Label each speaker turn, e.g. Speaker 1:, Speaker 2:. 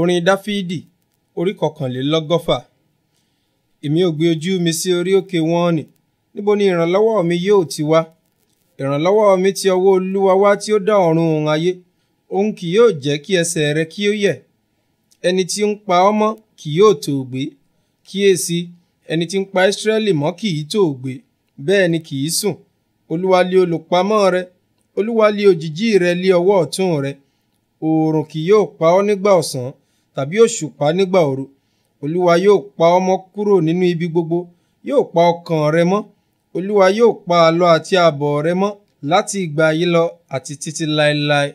Speaker 1: orin dáfídì orí kọkànlélọ́gọ́fà èmi ò gbé ojú mi sí orí òkè wọn nì níbo ni ìrànlọ́wọ́ mi yóò ti wá ìrànlọ́wọ́ mi ti ọwọ́ olúwa wá tí ó dá ọ̀run òun ayé òun kì yóò jẹ́ kí ẹsẹ̀ rẹ kí ó yẹ̀ ẹni tí ń pa ọ́ mọ́ kì yóò tòògbé kíyèsí ẹni tí ń pa Ísírẹ́lì mọ́ kì í tòògbé bẹ́ẹ̀ ni kì í sùn olúwa lé olùpamọ́ rẹ olúwa lé òjìjí rẹ lé ọwọ́ ọ̀tún rẹ oòrùn kì yóò pa ọ́ nígbà ọ̀sán tàbí òṣùpá nígbà òru olúwa yóò pa ọ́ mọ́ kúrò nínú ibi gbogbo yóò pa ọkàn rẹ mọ́ olúwa yóò pa àlọ àti àbọ̀ rẹ mọ́ láti ìgbà yìí lọ àti títí láéláé.